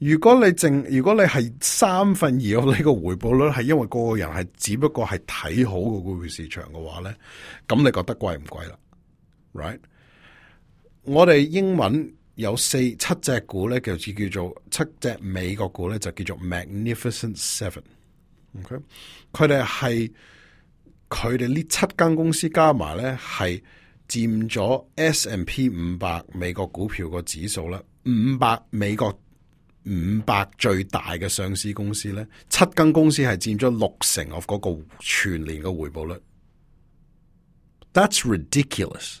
如果你淨如果你係三分二 of 呢個回報率係因為個個人係只不過係睇好個股票市場嘅話咧，咁你覺得貴唔貴啦？Right？我哋英文有四七隻股咧，叫叫叫做七隻美國股咧，就叫做 Magnificent Seven Okay.。佢哋係佢哋呢七間公司加埋咧，係佔咗 S&P 五百美國股票個指數啦，五百美國五百最大嘅上市公司咧，七間公司係佔咗六成 of 嗰個全年嘅回報率。That's ridiculous。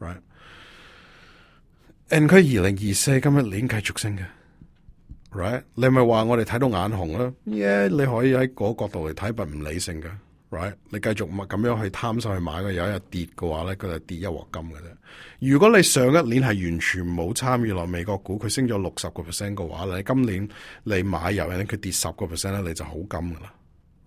right，N 區二零二四今年繼續升嘅，right，你咪話我哋睇到眼紅啦，耶、yeah，你可以喺嗰角度嚟睇，不唔理性嘅，right，你繼續咁樣去貪晒去買嘅，有一日跌嘅話咧，佢就跌一鑊金嘅啫。如果你上一年係完全冇參與落美國股，佢升咗六十個 percent 嘅話，你今年你買入咧，佢跌十個 percent 咧，你就好金噶啦。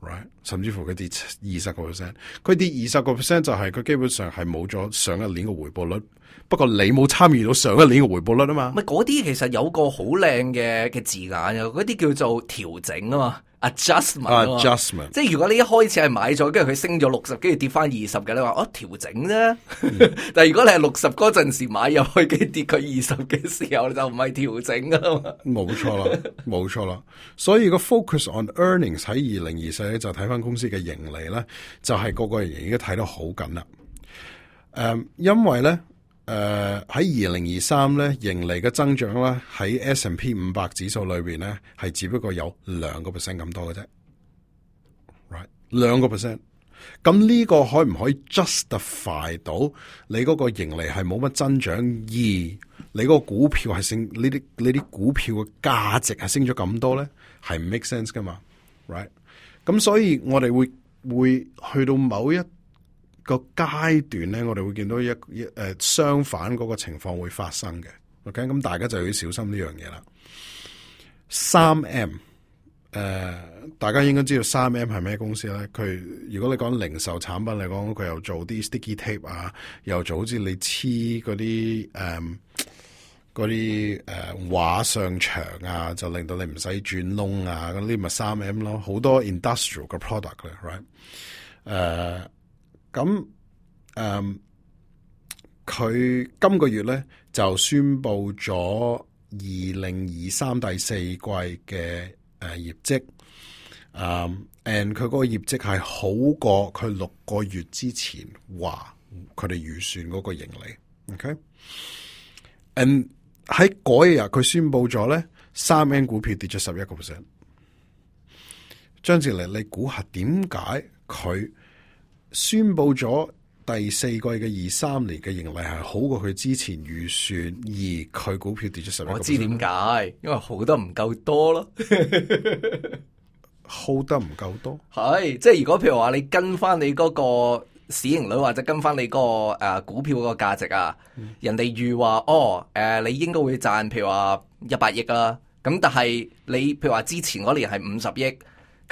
Right。甚至乎佢跌二十個 percent，佢跌二十個 percent 就係、是、佢基本上係冇咗上一年嘅回報率。不過你冇參與到上一年嘅回報率啊嘛，咪嗰啲其實有個好靚嘅嘅字眼啊，嗰啲叫做調整啊嘛。adjustment，Adjustment 即係如果你一開始係買咗，跟住佢升咗六十，跟住跌翻二十嘅，你話哦，調整啫。嗯、 但係如果你係六十嗰陣時買入去，跟住跌佢二十嘅時候，你就唔係調整㗎嘛。冇 錯啦，冇錯啦。所以個 focus on earnings 喺二零二四咧，就睇翻公司嘅盈利咧，就係個個人已經睇得好緊啦。誒、嗯，因為咧。誒，喺二零二三咧，盈利嘅增長咧，喺 S and P 五百指數裏邊咧，係只不過有兩個 percent 咁多嘅啫，right，兩個 percent。咁呢個可唔可以 justify 到你嗰個盈利係冇乜增長，而你個股票係升呢啲呢啲股票嘅價值係升咗咁多咧，係 make sense 噶嘛，right？咁所以我哋會會去到某一。個階段咧，我哋會見到一一誒、呃、相反嗰個情況會發生嘅。OK，咁、嗯，大家就要小心呢樣嘢啦。三 M 誒、呃，大家應該知道三 M 係咩公司咧？佢如果你講零售產品嚟講，佢又做啲 sticky tape 啊，又做好似你黐嗰啲誒嗰啲誒畫上牆啊，就令到你唔使轉窿啊，嗰啲咪三 M 咯，好多 industrial 嘅 product 咧 right 誒。咁，誒、嗯，佢今個月咧就宣布咗二零二三第四季嘅誒、呃、業績，嗯，and 佢嗰個業績係好過佢六個月之前話佢哋預算嗰個盈利 ok，and 喺嗰日佢宣布咗咧，三 M 股票跌咗十一個 percent，張志麗，你估下點解佢？宣布咗第四季嘅二三年嘅盈利係好過佢之前預算，而佢股票跌咗十，我知點解，因為好得唔夠多咯， 好得唔夠多，係即係如果譬如話你跟翻你嗰個市盈率或者跟翻你嗰、那個誒、啊、股票嗰個價值啊，嗯、人哋預話哦誒、呃、你應該會賺譬如話一百億啦，咁但係你譬如話之前嗰年係五十億。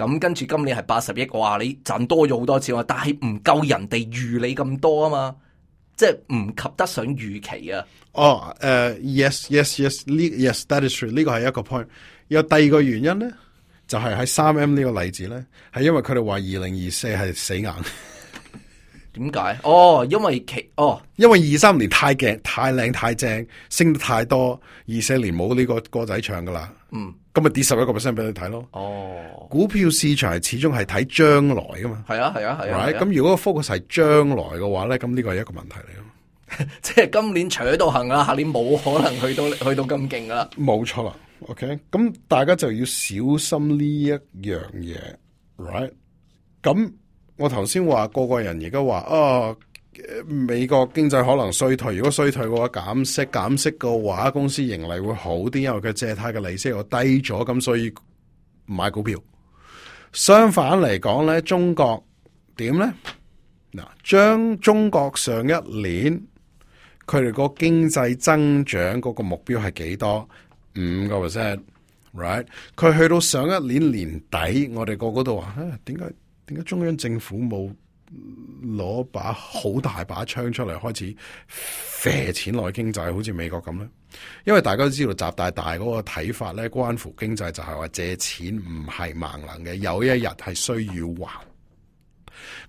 咁、嗯、跟住今年係八十億，話你賺多咗好多錢啊！但係唔夠人哋預你咁多啊嘛，即係唔及得上預期啊。哦、oh, uh, yes, yes, yes,，誒，yes，yes，yes，呢，yes，that is true，呢個係一個 point。有第二個原因咧，就係喺三 M 呢個例子咧，係因為佢哋話二零二四係死硬。點 解？哦、oh,，因為其，哦、oh.，因為二三年太勁、太靚、太正，升得太多，二四年冇呢個歌仔唱噶啦。嗯，咁咪跌十一個 percent 俾你睇咯。哦，股票市場係始終係睇將來噶嘛。係啊係啊係啊。咁如果個 focus 係將來嘅話咧，咁呢個係一個問題嚟咯。 即係今年除喺度行啦，下年冇可能去到 去到咁勁噶啦。冇錯啦。OK，咁大家就要小心呢一樣嘢。Right，咁我頭先話個個人而家話啊。美國經濟可能衰退，如果衰退嘅話減息，減息嘅話公司盈利會好啲，因為佢借貸嘅利息又低咗，咁所以買股票。相反嚟講咧，中國點咧？嗱，將中國上一年佢哋個經濟增長嗰個目標係幾多？五個 percent，right？佢去到上一年年底，我哋個個都話，唉、啊，點解點解中央政府冇？攞把好大把槍出嚟，開始借錢來經濟，好似美國咁咧。因為大家都知道，習大大嗰個睇法咧，關乎經濟就係話借錢唔係萬能嘅，有一日係需要還。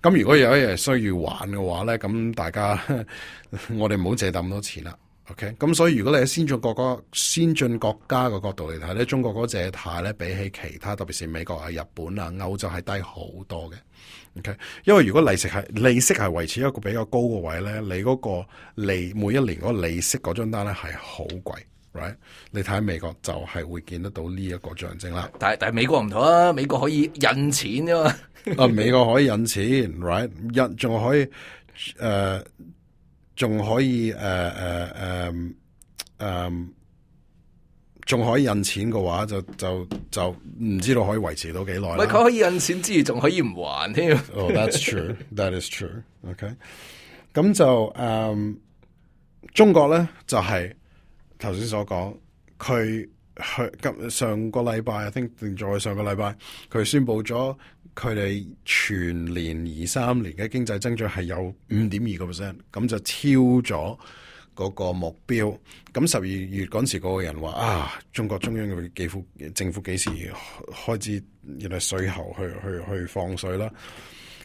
咁如果有一日係需要還嘅話咧，咁大家 我哋唔好借咁多錢啦。OK，咁所以如果你喺先進國家、先進國家嘅角度嚟睇咧，中國嗰隻債咧，比起其他特別是美國啊、日本啊、歐洲係低好多嘅。OK，因為如果利息係利息係維持一個比較高嘅位咧，你嗰個利每一年嗰利息嗰張單咧係好貴，right？你睇美國就係會見得到呢一個象徵啦。但但美國唔同啊，美國可以印錢啫嘛。 啊，美國可以印錢，right？印仲可以誒。呃仲可以誒誒誒誒，仲、uh, uh, um, um, 可以印錢嘅話，就就就唔知道可以維持到幾耐。佢可以印錢之餘，仲可以唔還添。哦、oh, that's true. that is true. OK 咁就誒、um, 中國咧，就係頭先所講，佢去今上個禮拜，I think 定再上個禮拜，佢宣布咗。佢哋全年二三年嘅經濟增長係有五點二個 percent，咁就超咗嗰個目標。咁十二月嗰陣時，嗰個人話啊，中國中央嘅幾府政府幾時開始原來水喉去去去放水啦？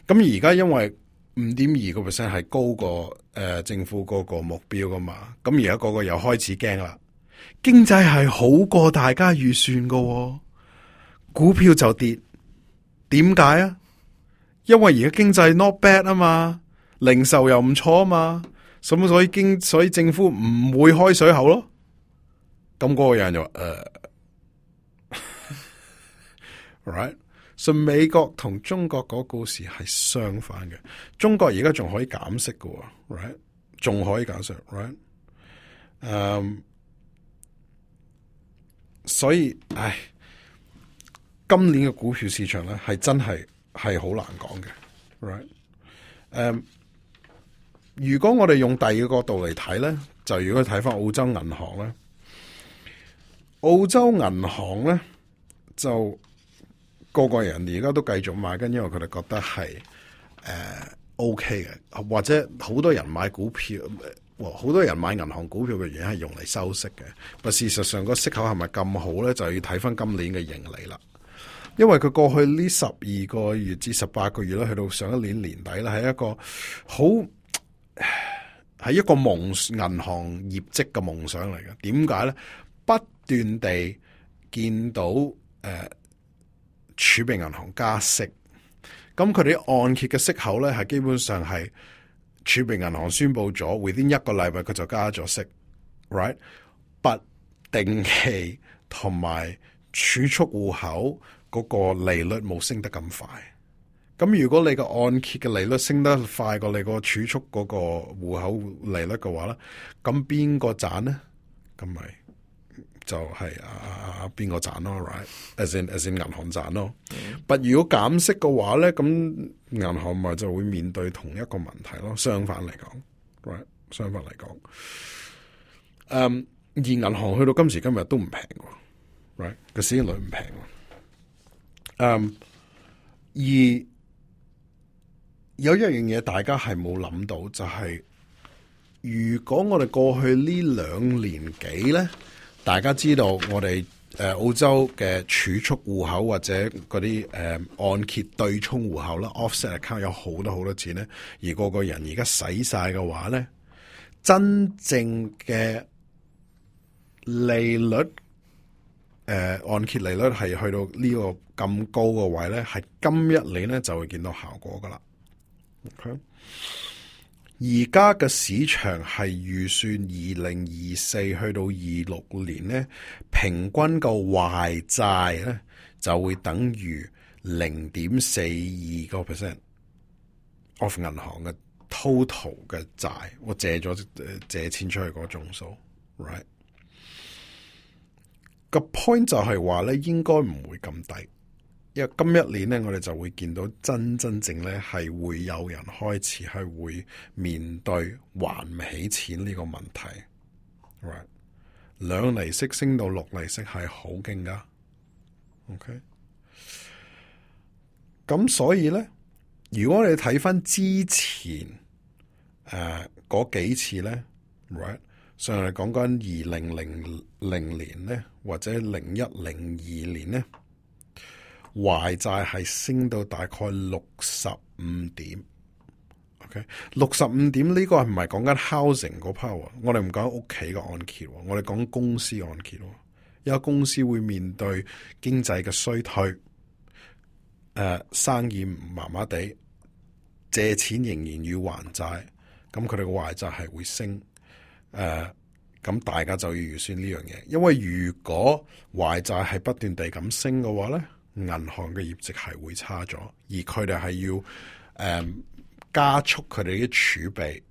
咁而家因為五點二個 percent 係高過誒、呃、政府嗰個目標噶嘛，咁而家個個又開始驚啦。經濟係好過大家預算噶、哦，股票就跌。點解啊？因為而家經濟 not bad 啊嘛，零售又唔錯啊嘛，咁所以經所以政府唔會開水口咯。咁嗰個人就話：，誒、uh, ，right，信、so, 美國同中國嗰故事係相反嘅。中國而家仲可以減息嘅，right，仲可以減息，right。嗯，所以，唉。今年嘅股票市場咧，係真係係好難講嘅，right？誒、um,，如果我哋用第二個角度嚟睇咧，就如果睇翻澳洲銀行咧，澳洲銀行咧就個個人而家都繼續買緊，因為佢哋覺得係誒、呃、OK 嘅，或者好多人買股票，好、呃、好多人買銀行股票嘅原因係用嚟收息嘅，但事實上個息口係咪咁好咧，就要睇翻今年嘅盈利啦。因為佢過去呢十二個月至十八個月咧，去到上一年年底咧，係一個好係一個夢銀行業績嘅夢想嚟嘅。點解咧？不斷地見到誒、呃，儲備銀行加息，咁佢哋按揭嘅息口咧係基本上係儲備銀行宣布咗，within 一個禮拜佢就加咗息，right？不定期同埋儲蓄戶口。嗰個利率冇升得咁快，咁如果你個按揭嘅利率升得快過你個儲蓄嗰個戶口利率嘅話咧，咁邊個賺咧？咁咪就係啊啊啊邊個賺咯？Right，as in as in 銀行賺咯。但如果減息嘅話咧，咁銀行咪就，就會面對同一個問題咯。相反嚟講，right，相反嚟講，誒、um, 而銀行去到今時今日都唔平喎，right，個息率唔平。嗯，um, 而有一樣嘢大家係冇諗到，就係、是、如果我哋過去兩呢兩年幾咧，大家知道我哋誒、呃、澳洲嘅儲蓄戶口或者嗰啲誒按揭對沖戶口啦，offset account 有好多好多錢咧，而個個人而家使晒嘅話咧，真正嘅利率。誒，uh, 按揭利率係去到這個這呢個咁高嘅位咧，係今一年咧就會見到效果㗎喇。而家嘅市場係預算二零二四去到二六年咧，平均個壞債咧就會等於零點四二個 percent of 銀行嘅 total 嘅債，我借咗借錢出去嗰個總數，right？個 point 就係話咧，應該唔會咁低，因為今一年咧，我哋就會見到真真正咧係會有人開始係會面對還唔起錢呢個問題。Right，兩厘息升到六厘息係好勁噶。OK，咁所以咧，如果你睇翻之前誒嗰、呃、幾次咧，right。上嚟講緊二零零零年咧，或者零一零二年咧，壞債係升到大概六十五點。OK，六十五點呢個係唔係講緊 housing 個 part？我哋唔講屋企個按揭喎，我哋講,講公司按揭喎。有公司會面對經濟嘅衰退，誒、呃、生意麻麻地，借錢仍然要還債，咁佢哋嘅壞債係會升。誒，咁、uh, 大家就要預算呢樣嘢，因為如果壞債係不斷地咁升嘅話咧，銀行嘅業績係會差咗，而佢哋係要誒、uh, 加速佢哋啲儲備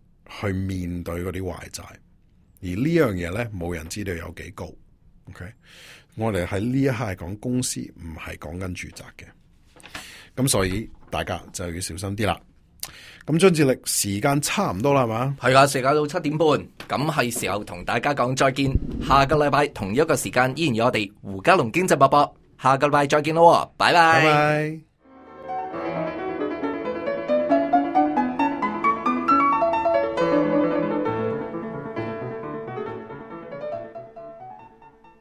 去面對嗰啲壞債，而呢樣嘢咧冇人知道有幾高。OK，我哋喺呢一刻係講公司，唔係講緊住宅嘅，咁所以大家就要小心啲啦。咁張志力時間差唔多啦係嘛，係啊，時間到七點半，咁係時候同大家講再見。下個禮拜同一個時間依然有我哋胡嘉龍經濟脈搏，下個禮拜再見咯，拜拜。Bye bye